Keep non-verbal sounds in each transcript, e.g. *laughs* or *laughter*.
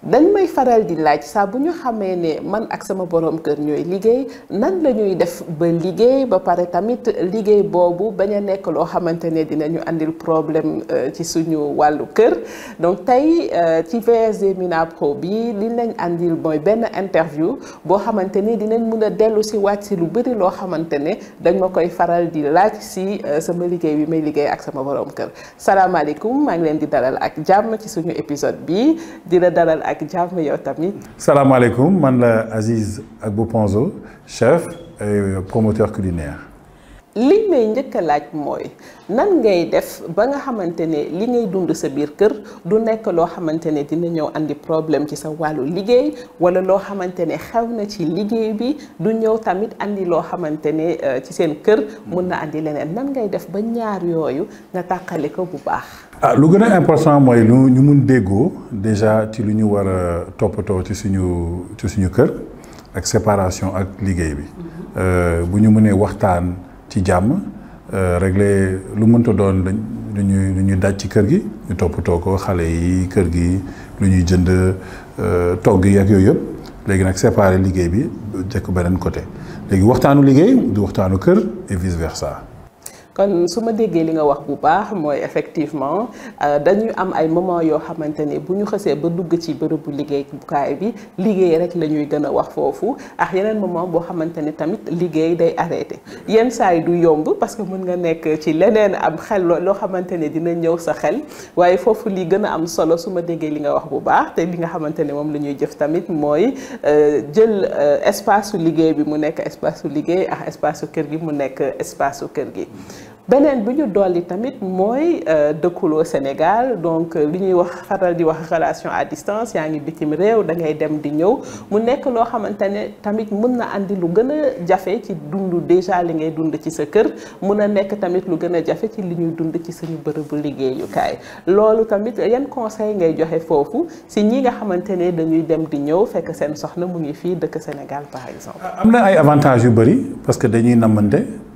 dañ may faral di laaj saa bu ñu xamee ne man ak sama borom kër ñooy liggéey nan la ñuy def ba liggéey ba pare tamit liggéey boobu bañ a nekk loo xamante ne dinañu andil problème euh, ci suñu wàllu kër donc tey euh, ci VSD bi liñ lañ andil mooy benn interview boo xamante ni dinañ mun a dellu si wàcc si lu bëri loo xamante ne dañ ma koy faral di laaj si euh, sama liggéey bi may liggéey ak sama borom kër salaamaaleykum maa ngi leen di dalal ak jàmm ci suñu épisode bi la dalal. Salam alaikum, yow Aziz Agbopanzo chef et euh, promoteur culinaire. li may njëkk a laaj mooy nan ngay def ba nga xamante ne li ngay dund sa biir kër du nekk loo xamante ne dina ñëw andi problème ci sa wàllu liggéey wala loo xamante ne xew na ci liggéey bi du ñëw tamit andi loo xamante ne euh, ci seen kër mun na andi leneen nan ngay def ba ñaar yooyu nga tàqale ko bu baax. ah lu gën a important mooy lu ñu mun déggoo déjà ci lu ñu war a toppatoo ci suñu ci suñu kër ak séparation ak liggéey bi mm-hmm. euh, bu ñu mënee waxtaan. ci jàmm euh, régler lu mënta doon lañ lu ñuy lu ñuy daj ci kër gi ñu toppatoo ko xale yi kër gi lu ñuy jënd euh, togg yi ak yooyu yëpp léegi nag séparer liggéey bi jëkk beneen côté léegi waxtaanu liggéey du waxtaanu kër et vice versa kon su ma déggee li nga wax bu baax mooy effectivement euh, dañuy am ay moment yoo xamante ne bu ñu xësee ba dugg ci bërëbu liggéeyukaay bi liggéey rek la gën a wax foofu ak yeneen moment boo xamante ne tamit liggéey day arrêté yenn saa yi du yomb parce que mën nga nekk ci leneen am xel loo xamante ne dina ñëw sa xel waaye foofu li gën a am solo su ma déggee li nga wax bu baax te li nga xamante ne moom la ñuy jëf tamit mooy euh, jël euh, espace su liggéey bi mu nekk espace su liggéey ak espace su kër gi mu nekk espace su kër gi beneen bi ñu dolli tamit mooy euh, dëkkuloo Sénégal donc euh, li ñuy wax faral di wax relation à distance yaa ngi bitim réew da ngay dem di ñëw mu nekk loo xamante ne tamit mën na indi lu gën a jafe ci dund déjà li ngay dund ci sa kër mun a nekk tamit lu gën a jafe ci li ñuy dund ci suñu bërëbu liggéeyukaay loolu tamit yan conseil ngay joxe foofu si ñi nga xamante ne dañuy dem di ñëw fekk seen soxna mu ngi fii dëkk Sénégal par exemple. am na ay avantages yu bëri parce que dañuy namante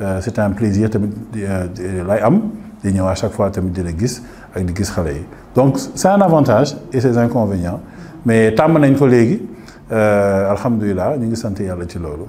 Euh, c'est un plaisir tamit euh, lay am di à chaque fois tamit di la avec ak di gis yi donc c'est un avantage et ses inconvénients mais tàmm nañ ko collègue euh, alhamdulilah ñu ngi sant yàlla ci loolu.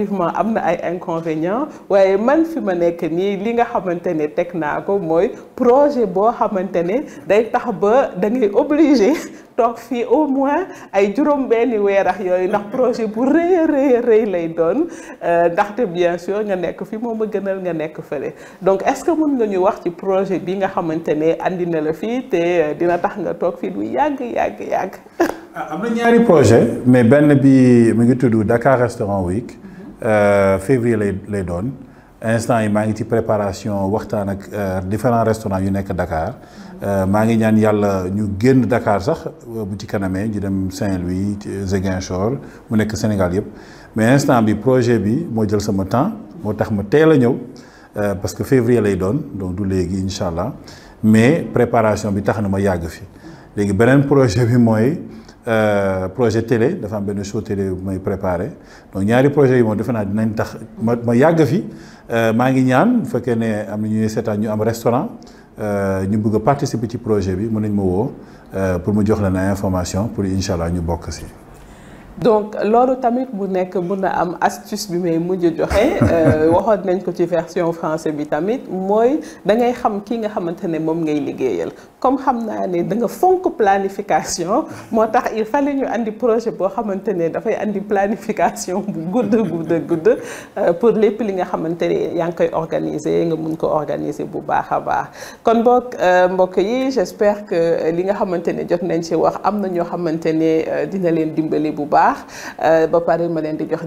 effectivement am na ay inconvénients waye man fi ma nek ni li nga xamantene ne teg naa ko mooy projet bo xamantene day tax ba da ngay obligé *laughs* tok fi au moins ay juróom benni weer ak yooyu ndax projet bu rëy rëy rëy lay don doon euh, ndaxte bien sûr nga nek fi moom a gënal nga nek fële donc est-ce que mën nga ñu wax ci projet bi nga xamantene ne andi na la fi té euh, dina tax nga tok fi du yag yag yag amna ah, ñaari projet mais benn bi mu ngi tudd Dakar Restaurant Week. Euh, février lay donne. instant yi maa ngi ci préparation waxtaan ak euh, différents restaurants yu nekk Dakar euh, maa ngi ñaan yàlla ñu génn Dakar sax bu ci kanamee ñu dem Saint-Louis Ziguinchor mu nekk Sénégal yëpp mais instant bi projet bi moo jël sama temps moo tax ma teel a ñëw parce que février lay donne, donc du léegi inshallah. mais préparation bi tax na ma yàgg fi léegi beneen projet bi mooy. Euh, projet télé de faire benn show télé bu may préparé donc ñaari projet yi moom defe naa dinañ tax ma ma yàgg fi euh, ma ngi ñaan bu fekkee ne am na ñuy ñu am restaurant euh, ñu bëgg participer ci projet bi mën nañ pour mu jox la na information pour inshallah allah ñu bokk si. donc loolu tamit bu nekk mun na am astuce bi may mujj joxe euh, waxoon nañ ko ci version francais bi tamit mooy da ngay xam kii nga xamante ne moom ngay liggéeyal comme xam naa ne da nga fonk planification moo tax il fallait ñu andi projet boo xamante ne dafay andi planification bu gudd gudd euh, pour lépp li nga xamante ne yaa ngi koy organiser nga mun ko organiser bu baax a baax kon boog euh, mbokk yi j'espère que li nga xamante ne jot nañ ci wax am na ñoo xamante ne dina leen dimbali bu baax Euh, bon, parlez pareil, ma leen di jox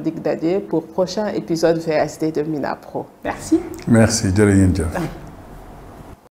pour prochain épisode VSD de Mina Pro merci. merci jërë